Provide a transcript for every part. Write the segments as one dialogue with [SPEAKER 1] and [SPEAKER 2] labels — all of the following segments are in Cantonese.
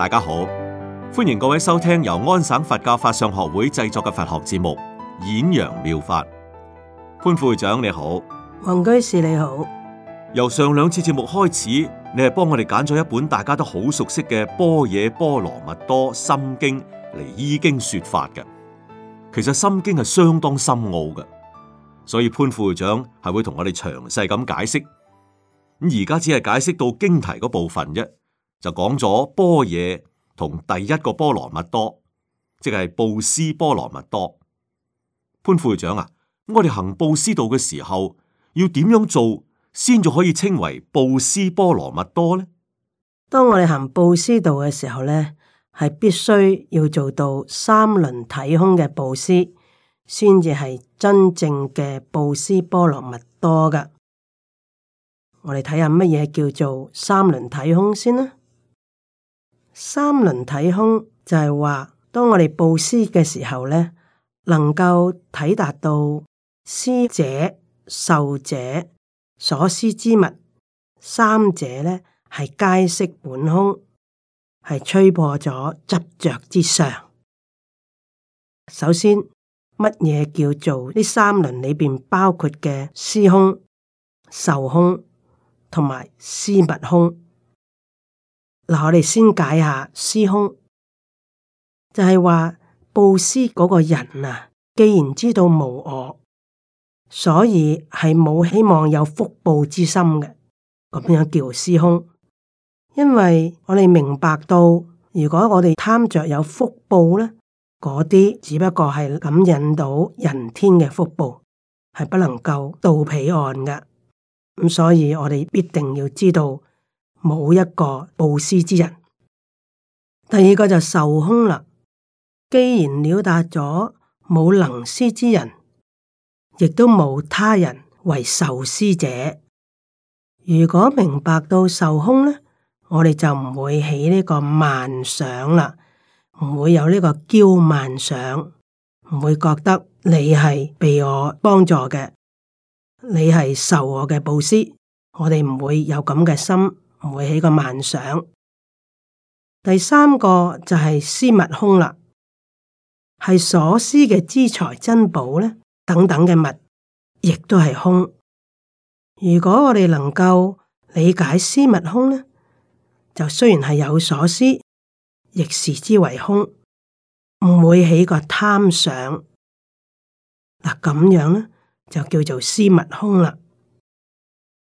[SPEAKER 1] 大家好，歡迎各位收聽由安省佛教法相學會製作嘅佛學節目《演揚妙，妙法》。潘副會長你好，
[SPEAKER 2] 黃居士你好。
[SPEAKER 1] 由上兩次節目開始，你係幫我哋揀咗一本大家都好熟悉嘅《般若波羅蜜多心經》嚟依經說法嘅。其實《心經》係相當深奧嘅，所以潘副會長係會同我哋詳細咁解釋。咁而家只係解釋到經題嗰部分啫。就講咗般若同第一個波羅蜜多，即係布施波羅蜜多。潘副會長啊，我哋行布施道嘅時候，要點樣做先至可以稱為布施波羅蜜多呢？
[SPEAKER 2] 當我哋行布施道嘅時候咧，係必須要做到三輪體空嘅布施，先至係真正嘅布施波羅蜜多噶。我哋睇下乜嘢叫做三輪體空先啦。三輪體空就係話，當我哋布施嘅時候咧，能夠體達到施者、受者、所施之物三者咧，係皆識本空，係吹破咗執着之相。首先，乜嘢叫做呢三輪裏邊包括嘅施空、受空同埋施物空？嗱，我哋先解下施空，就係、是、話布施嗰個人啊，既然知道無我，所以係冇希望有福報之心嘅，咁樣叫做施空。因為我哋明白到，如果我哋貪着有福報咧，嗰啲只不過係感應到人天嘅福報，係不能夠到彼岸嘅。咁所以我哋必定要知道。冇一個布施之人，第二個就係受空啦。既然了達咗冇能施之人，亦都冇他人為受施者。如果明白到受空咧，我哋就唔會起呢個慢想啦，唔會有呢個驕慢想，唔會覺得你係被我幫助嘅，你係受我嘅布施，我哋唔會有咁嘅心。唔會起個妄想。第三個就係施物空啦，係所施嘅資財珍寶咧，等等嘅物，亦都係空。如果我哋能夠理解施物空咧，就雖然係有所施，亦視之為空，唔會起個貪想。嗱，咁樣咧就叫做施物空啦。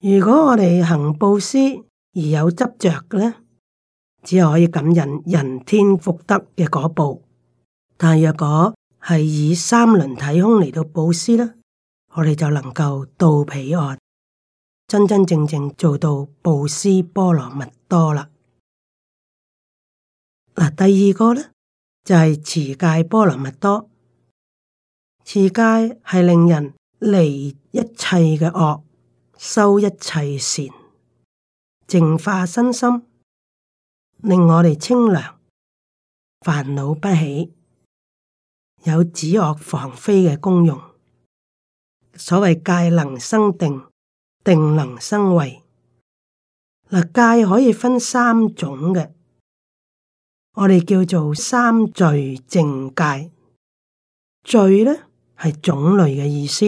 [SPEAKER 2] 如果我哋行布施。而有執着嘅呢，只可以感應人天福德嘅果報；但若果係以三輪體空嚟到布施呢，我哋就能夠到彼岸，真真正正做到布施波羅蜜多啦。嗱，第二個呢，就係持戒波羅蜜多，持戒係令人離一切嘅惡，修一切善。淨化身心，令我哋清涼，煩惱不起，有止惡防非嘅功用。所謂戒能生定，定能生慧。嗱，戒可以分三種嘅，我哋叫做三聚淨戒。聚咧係種類嘅意思，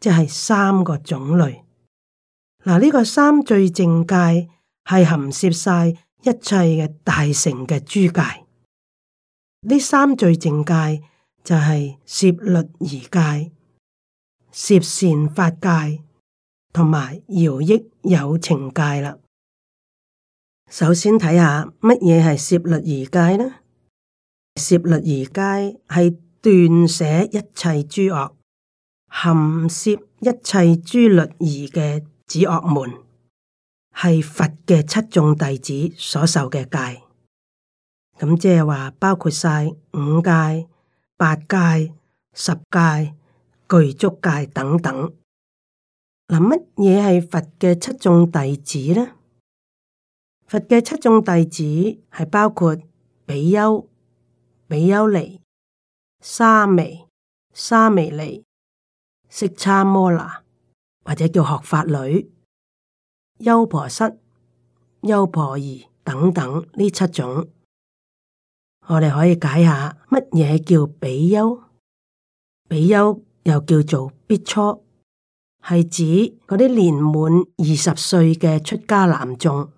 [SPEAKER 2] 即係三個種類。嗱，呢個三聚淨戒係含攝晒一切嘅大乘嘅諸戒。呢三聚淨戒就係攝律儀戒、攝善法戒同埋饒益有情戒啦。首先睇下乜嘢係攝律儀戒呢？攝律儀戒係斷捨一切諸惡，含攝一切諸律儀嘅。指惡門係佛嘅七眾弟子所受嘅戒，咁即係話包括晒五戒、八戒、十戒、具足戒等等。嗱，乜嘢係佛嘅七眾弟子呢？佛嘅七眾弟子係包括比丘、比丘尼、沙彌、沙彌尼、式叉摩那、或者叫學法女、優婆塞、優婆夷等等呢七種，我哋可以解下乜嘢叫比丘？比丘又叫做苾芻，係指嗰啲年滿二十歲嘅出家男眾。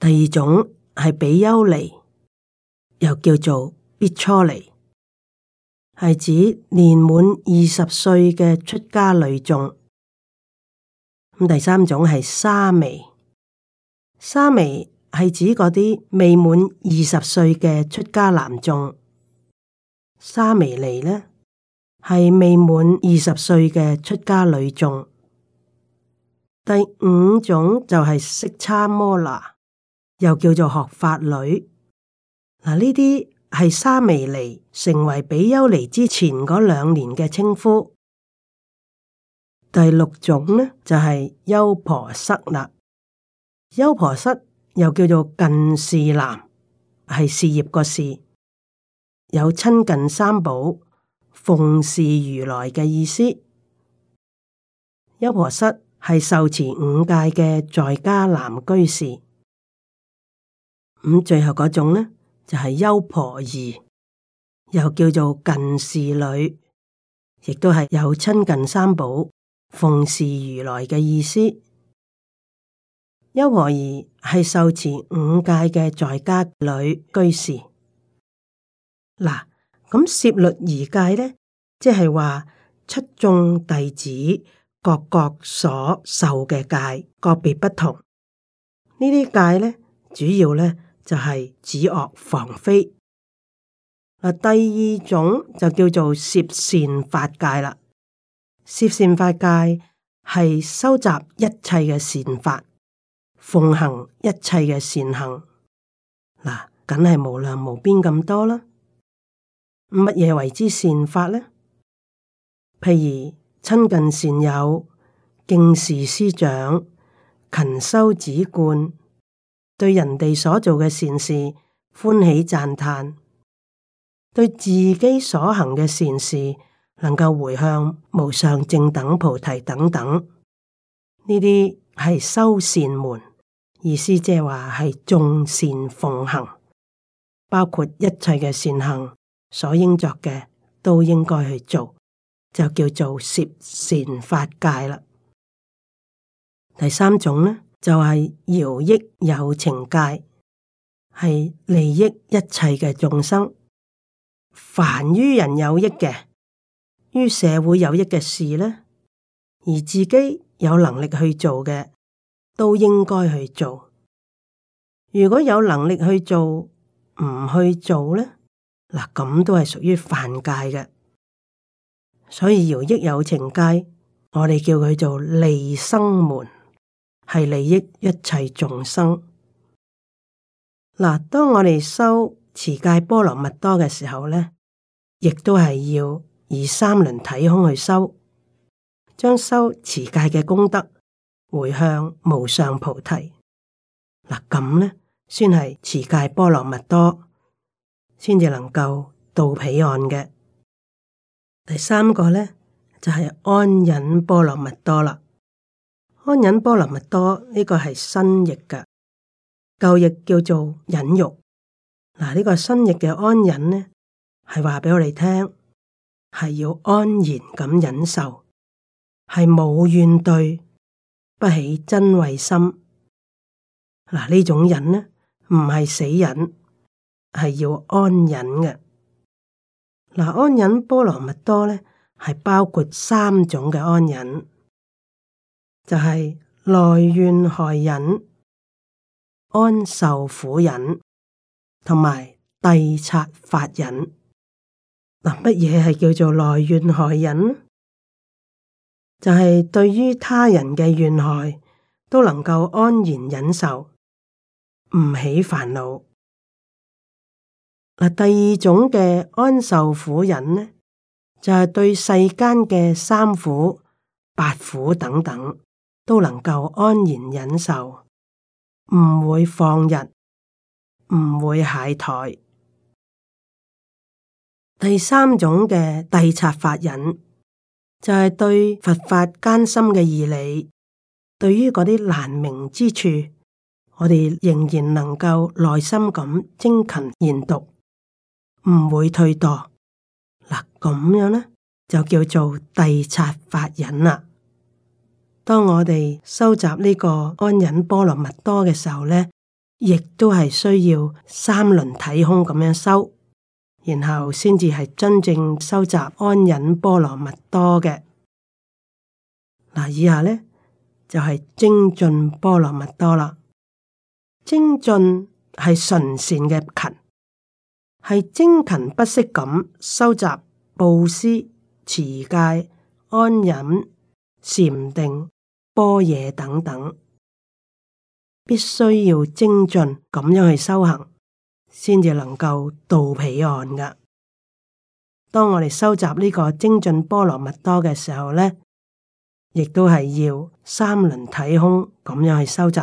[SPEAKER 2] 第二種係比丘尼，又叫做苾芻尼，係指年滿二十歲嘅出家女眾。第三種係沙彌，沙彌係指嗰啲未滿二十歲嘅出家男眾。沙彌尼呢，係未滿二十歲嘅出家女眾。第五種就係式叉摩那，又叫做學法女。嗱，呢啲係沙彌尼成為比丘尼之前嗰兩年嘅稱呼。第六種呢，就係、是、優婆塞啦，優婆塞又叫做近事男，係事業個事，有親近三寶、奉事如來嘅意思。優婆塞係受持五戒嘅在家男居士。咁、嗯、最後嗰種呢，就係、是、優婆夷，又叫做近事女，亦都係有親近三寶。奉事如來嘅意思，優婆夷係受持五戒嘅在家女居士。嗱，咁攝律儀戒咧，即係話七眾弟子各各所受嘅戒，個別不同。界呢啲戒咧，主要咧就係、是、止惡防非。嗱，第二種就叫做攝善法戒啦。攝善法戒係收集一切嘅善法，奉行一切嘅善行。嗱，梗係無量無邊咁多啦。乜嘢為之善法咧？譬如親近善友，敬事師長，勤修止觀，對人哋所做嘅善事歡喜讚嘆，對自己所行嘅善事。能夠回向無上正等菩提等等，呢啲係修善門，意思即係話係眾善奉行，包括一切嘅善行所應作嘅都應該去做，就叫做攝善法界啦。第三種呢，就係、是、饒益有情界，係利益一切嘅眾生，凡於人有益嘅。於社會有益嘅事呢，而自己有能力去做嘅，都應該去做。如果有能力去做唔去做呢？嗱咁都係屬於犯戒嘅。所以，饒益有情戒，我哋叫佢做利生門，係利益一切眾生。嗱，當我哋修持戒波羅蜜多嘅時候呢，亦都係要。以三輪體空去修，將修持戒嘅功德回向無上菩提，嗱咁咧，先係持戒波羅蜜多，先至能夠到彼岸嘅。第三個咧就係、是、安忍波羅蜜多啦。安忍波羅蜜多呢、這個係新譯噶，舊譯叫做忍辱。嗱、這、呢個新譯嘅安忍咧，係話畀我哋聽。係要安然咁忍受，係冇怨對，不起瞋恚心。嗱，呢種忍呢，唔係死忍，係要安忍嘅。嗱，安忍波羅蜜多呢，係包括三種嘅安忍，就係、是、耐怨害忍、安受苦忍同埋諦察法忍。乜嘢係叫做耐怨害忍？就係、是、對於他人嘅怨害都能夠安然忍受，唔起煩惱。嗱，第二種嘅安受苦忍呢，就係、是、對世間嘅三苦、八苦等等都能夠安然忍受，唔會放逸，唔會懈怠。第三種嘅諦察法忍，就係對佛法艱深嘅義理，對於嗰啲難明之處，我哋仍然能夠耐心咁精勤研讀，唔會退墮。嗱，咁樣呢，就叫做諦察法忍啦。當我哋收集呢個安忍波羅蜜多嘅時候呢，亦都係需要三輪體空咁樣修。然後先至係真正收集安忍波羅蜜多嘅。嗱，以下呢就係、是、精進波羅蜜多啦。精進係純善嘅勤，係精勤不息咁收集布施、持戒、安忍、禪定、般若等等，必須要精進咁樣去修行。先至能夠到彼岸噶。當我哋收集呢個精進波羅蜜多嘅時候咧，亦都係要三輪體空咁樣去收集。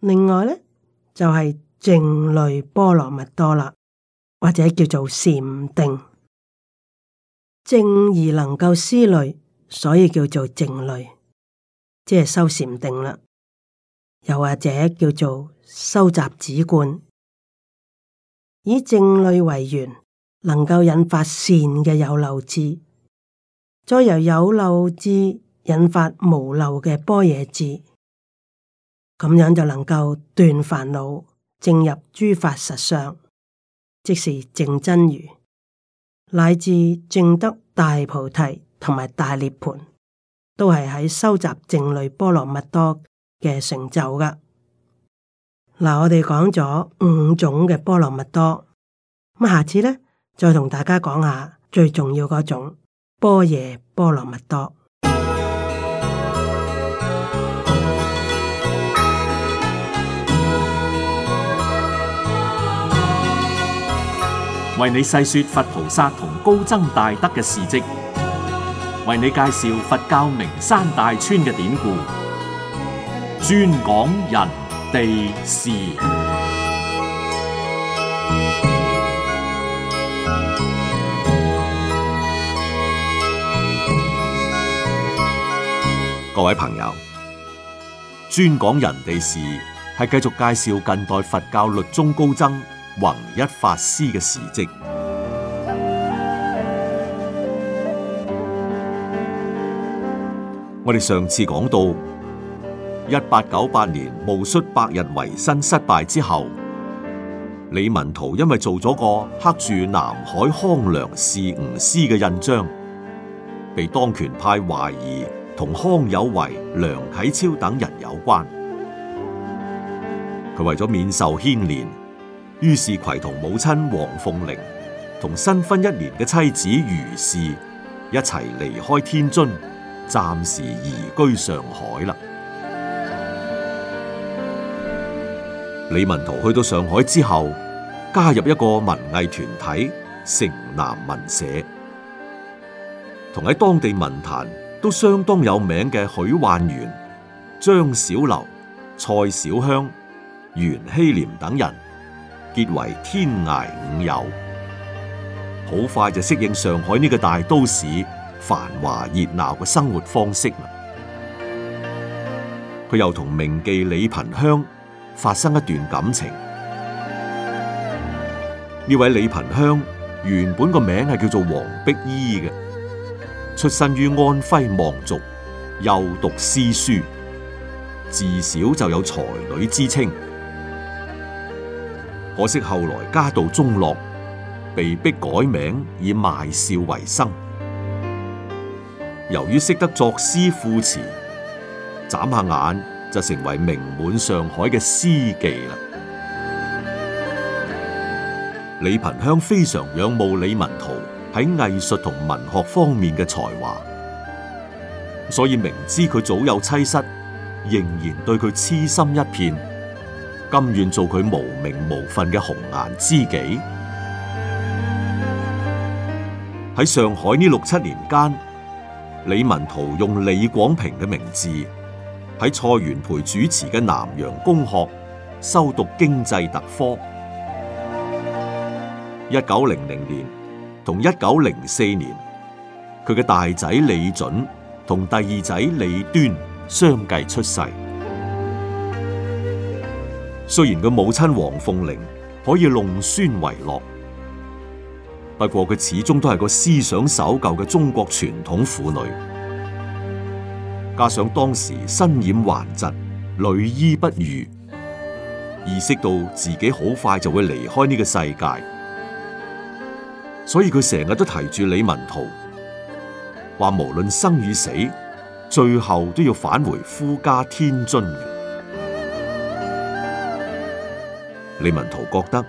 [SPEAKER 2] 另外咧，就係靜慮波羅蜜多啦，或者叫做禪定。靜而能夠思慮，所以叫做靜慮，即係修禪定啦。又或者叫做。收集子觀，以靜慮為緣，能夠引發善嘅有漏智，再由有漏智引發無漏嘅般若智，咁樣就能夠斷煩惱，證入諸法實相，即是正真如，乃至證得大菩提同埋大涅槃，都係喺收集靜慮波羅蜜多嘅成就㗎。嗱，我哋講咗五種嘅波羅蜜多，咁下次咧再同大家講下最重要嗰種般若波羅蜜多。
[SPEAKER 1] 為你細說佛菩薩同高僧大德嘅事跡，為你介紹佛教名山大川嘅典故，專講人。地事，各位朋友，專講人地事，係繼續介紹近代佛教律宗高僧弘一法師嘅事迹。 我哋上次講到。一八九八年戊戌百日維新失敗之後，李文濤因為做咗個刻住南海康梁是吾師嘅印章，被當權派懷疑同康有為、梁啟超等人有關。佢為咗免受牽連，於是携同母親王鳳玲同新婚一年嘅妻子俞氏一齊離開天津，暫時移居上海啦。李文濤去到上海之後，加入一個文藝團體城南文社，同喺當地文壇都相當有名嘅許幻園、張小樓、蔡小香、袁希濂等人結為天涯五友，好快就適應上海呢個大都市繁華熱鬧嘅生活方式。佢又同名妓李蘋香。發生一段感情。呢位李蘋香原本個名係叫做黃碧依嘅，出身於安徽望族，又讀詩書，自小就有才女之稱。可惜後來家道中落，被迫改名以賣笑為生。由於識得作詩賦詞，眨下眼。就成為名滿上海嘅詩妓啦。李蘋香非常仰慕李文濤喺藝術同文學方面嘅才華，所以明知佢早有妻室，仍然對佢癡心一片，甘願做佢無名無份嘅紅顏知己。喺上海呢六七年間，李文濤用李廣平嘅名字。喺蔡元培主持嘅南洋公學修讀經濟特科，一九零零年同一九零四年，佢嘅大仔李准同第二仔李端相繼出世。雖然佢母親王鳳玲可以弄孫為樂，不過佢始終都係個思想守舊嘅中國傳統婦女。加上當時身染頑疾，屢醫不癒，意識到自己好快就會離開呢個世界，所以佢成日都提住李文濤，話無論生與死，最後都要返回夫家天津。李文濤覺得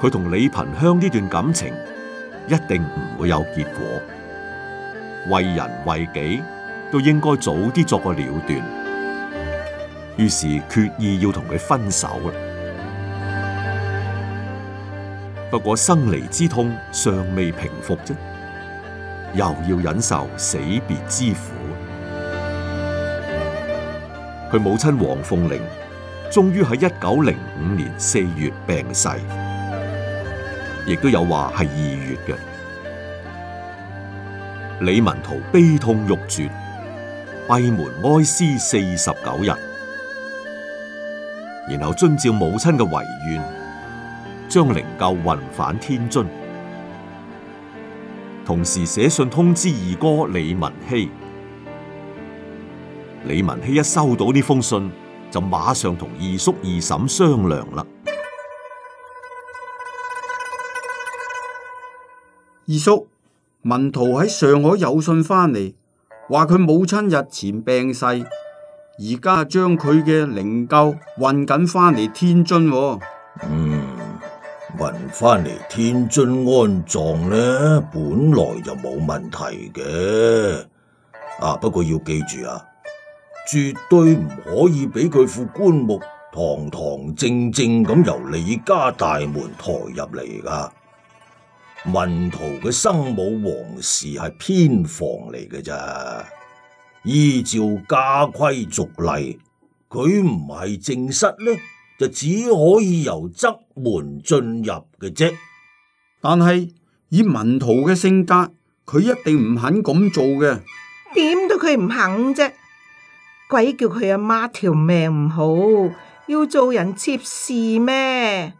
[SPEAKER 1] 佢同李蘋香呢段感情一定唔會有結果，為人為己，都應該早啲作個了斷，於是決意要同佢分手啦。不過生離之痛尚未平復啫，又要忍受死別之苦。佢母親黃鳳玲終於喺一九零五年四月病逝，亦都有話係二月嘅。李文濤悲痛欲絕。閉門哀思四十九日，然後遵照母親嘅遺願，將靈柩運返天津，同時寫信通知二哥李文熙。李文熙，李文熙一收到呢封信，就馬上同二叔二嬸商量啦。
[SPEAKER 3] 二叔，文濤喺上海有信翻嚟。話佢母親日前病逝，而家將佢嘅靈柩運緊翻嚟天津，哦。嗯，運翻嚟天津安葬呢，本來就冇問題嘅。啊，不過要記住啊，絕對唔可以俾佢副棺木堂堂正正咁由李家大門抬入嚟噶。文濤嘅生母王氏係偏房嚟嘅咋，依照家規俗例，佢唔係正室咧，就只可以由側門進入嘅啫。但係以文濤嘅性格，佢一定唔肯咁做嘅。點到佢唔肯啫？鬼叫佢阿媽
[SPEAKER 4] 條命唔好，要做人妾侍咩？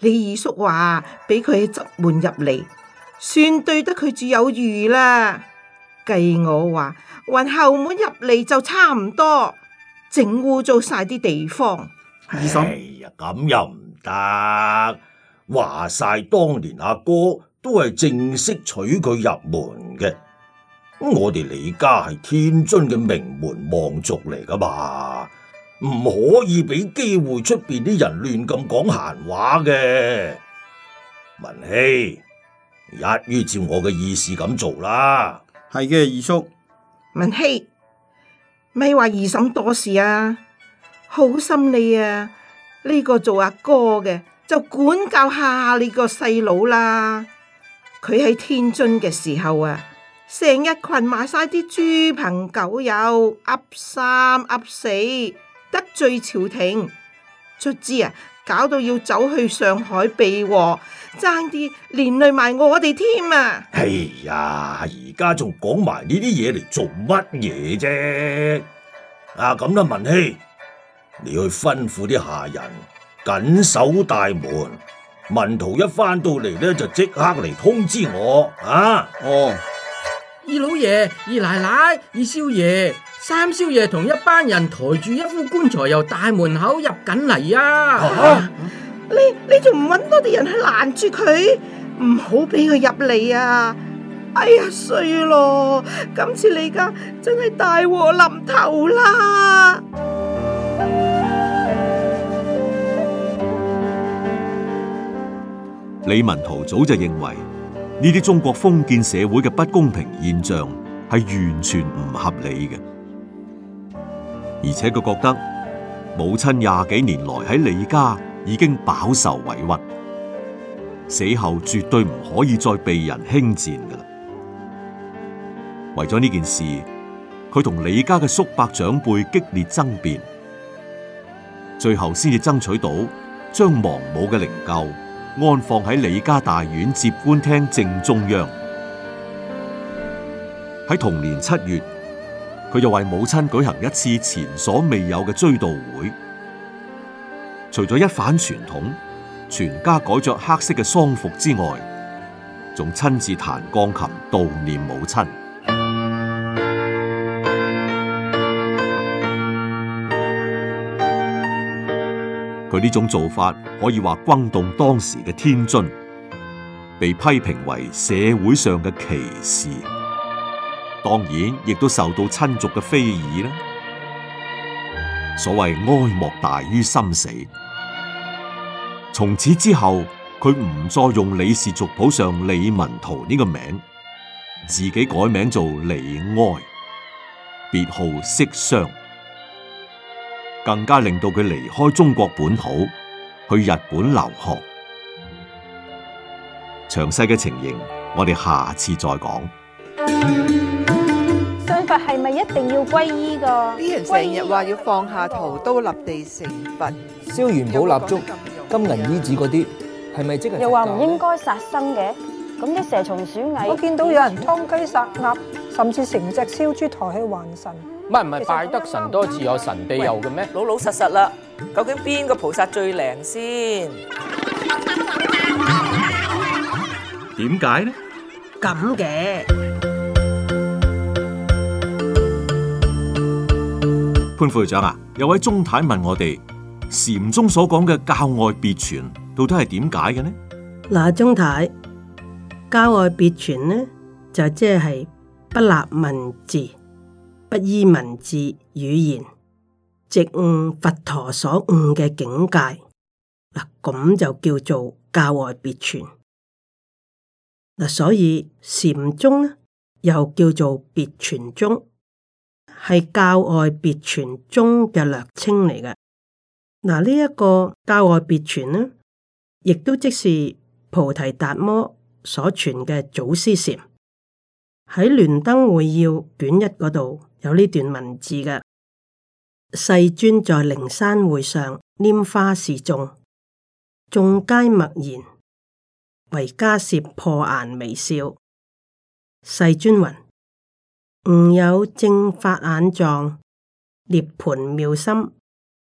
[SPEAKER 4] 李二叔話：俾佢喺側門入嚟，算對得佢住有餘啦。計我話，運後門入嚟就差唔多，整污糟晒啲地方。
[SPEAKER 3] 二嬸，哎呀，咁又唔得。話晒當年阿哥都係正式娶佢入門嘅。我哋李家係天津嘅名門望族嚟噶嘛？唔可以俾機會出邊啲人亂咁講閒話嘅。文熙，一於照我嘅意思咁做啦。係嘅，二叔。
[SPEAKER 4] 文熙，咪話二嬸多事啊，好心你啊。呢個做阿哥嘅就管教下你個細佬啦。佢喺天津嘅時候啊，成日群埋晒啲豬朋狗友，噏三噏四。得罪朝廷，卒之啊，搞到要走去上海避禍，爭啲連累埋我哋添啊！
[SPEAKER 3] 哎呀，而家仲講埋呢啲嘢嚟做乜嘢啫？啊，咁啦，文熙，你去吩咐啲下人緊守大門，文濤一翻到嚟咧就即刻嚟通知我啊！哦，二
[SPEAKER 4] 老爺、二奶奶、二少爺。三少爺同一班人抬住一副棺材由大門口入緊嚟啊！你你仲唔搵多啲人去攔住佢，唔好俾佢入嚟啊！哎呀，衰咯，今次你家真係大禍臨頭啦！
[SPEAKER 1] 李文濤早就認為呢啲中國封建社會嘅不公平現象係完全唔合理嘅。而且佢覺得母親廿幾年來喺李家已經飽受委屈，死後絕對唔可以再被人輕賤㗎喇。為咗呢件事，佢同李家嘅叔伯長輩激烈爭辯，最後先至爭取到將亡母嘅靈柩安放喺李家大院接官廳正中央。喺同年七月。佢又為母親舉行一次前所未有嘅追悼會，除咗一反傳統，全家改着黑色嘅喪服之外，仲親自彈鋼琴悼念母親。佢呢種做法可以話轟動當時嘅天津，被批評為社會上嘅歧視。當然，亦都受到親族嘅非議啦。所謂哀莫大於心死，從此之後，佢唔再用李氏族譜上李文圖呢個名，自己改名做李哀，別號息霜,更加令到佢離開中國本土，去日本留學。詳細嘅情形，我哋下次再講。
[SPEAKER 4] 係咪一定要皈依噶？啲人成日話要放下屠刀立地成
[SPEAKER 3] 佛，燒元寶蠟燭、金銀衣紙嗰啲，係咪即係？又話唔應
[SPEAKER 4] 該殺生嘅，咁啲蛇蟲鼠蟻，我見到有人劏雞殺鴨，甚至成隻燒豬抬去還神。
[SPEAKER 1] 唔係唔係，拜得神多自有神庇佑嘅咩？
[SPEAKER 4] 老老實實啦，究竟邊個菩薩最靈先？
[SPEAKER 1] 點解呢？
[SPEAKER 2] 咁嘅。
[SPEAKER 1] 潘會長啊，有位鍾太，太問我哋禪宗所講嘅教外別傳到底係點解嘅呢？
[SPEAKER 2] 嗱，鍾太，教外別傳呢就即係不立文字，不依文字語言，直悟佛陀所悟嘅境界。嗱，咁就叫做教外別傳。嗱，所以禪宗呢又叫做別傳宗。係教外別傳中嘅略稱嚟嘅。嗱，呢一個教外別傳呢，亦都即是菩提達摩所傳嘅祖師禪。喺《聯燈會要》卷一嗰度有呢段文字嘅。世尊在靈山會上拈花示眾，眾皆默然，唯迦葉破顏微笑。世尊云吾有正法眼藏，涅盤妙心，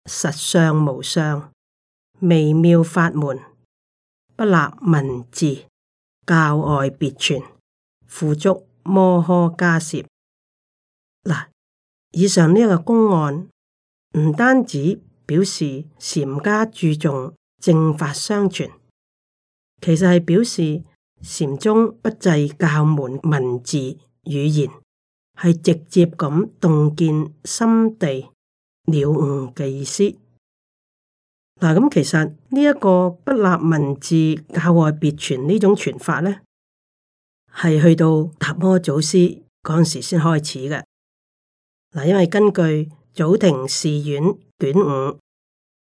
[SPEAKER 2] 實相無相，微妙法門，不立文字，教外別傳，付諸摩訶迦葉。嗱，以上呢一個公案，唔單止表示禪家注重正法相傳，其實係表示禪宗不制教門文字語言。係直接咁洞見心地了悟嘅意思。嗱，咁其實呢一個不立文字教外別傳呢種傳法呢，係去到達摩祖師嗰陣時先開始嘅。嗱，因為根據《祖庭事苑》卷五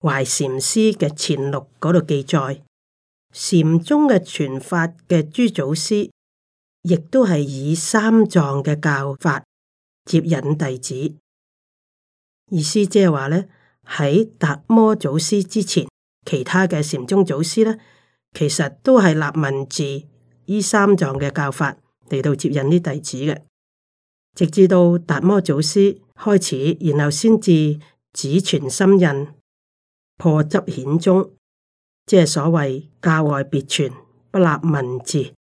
[SPEAKER 2] 懷禪師嘅前六嗰度記載，禪宗嘅傳法嘅諸祖師。亦都係以三藏嘅教法接引弟子，意思即係話咧，喺達摩祖師之前，其他嘅禪宗祖師咧，其實都係立文字以三藏嘅教法嚟到接引啲弟子嘅，直至到達摩祖師開始，然後先至只傳心印，破執顯宗，即係所謂教外別傳，不立文字。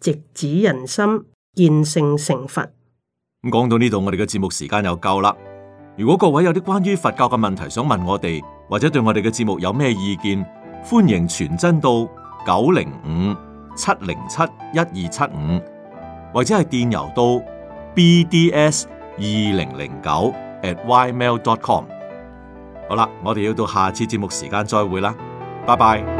[SPEAKER 2] 直指人心，見性成，成佛。咁
[SPEAKER 1] 講到呢度，我哋嘅節目時間又夠啦。如果各位有啲關於佛教嘅問題想問我哋，或者對我哋嘅節目有咩意見，歡迎傳真到九零五七零七一二七五，75, 或者係電郵到 bds 二零零九 at ymail.com。好啦，我哋要到下次節目時間再會啦，拜拜。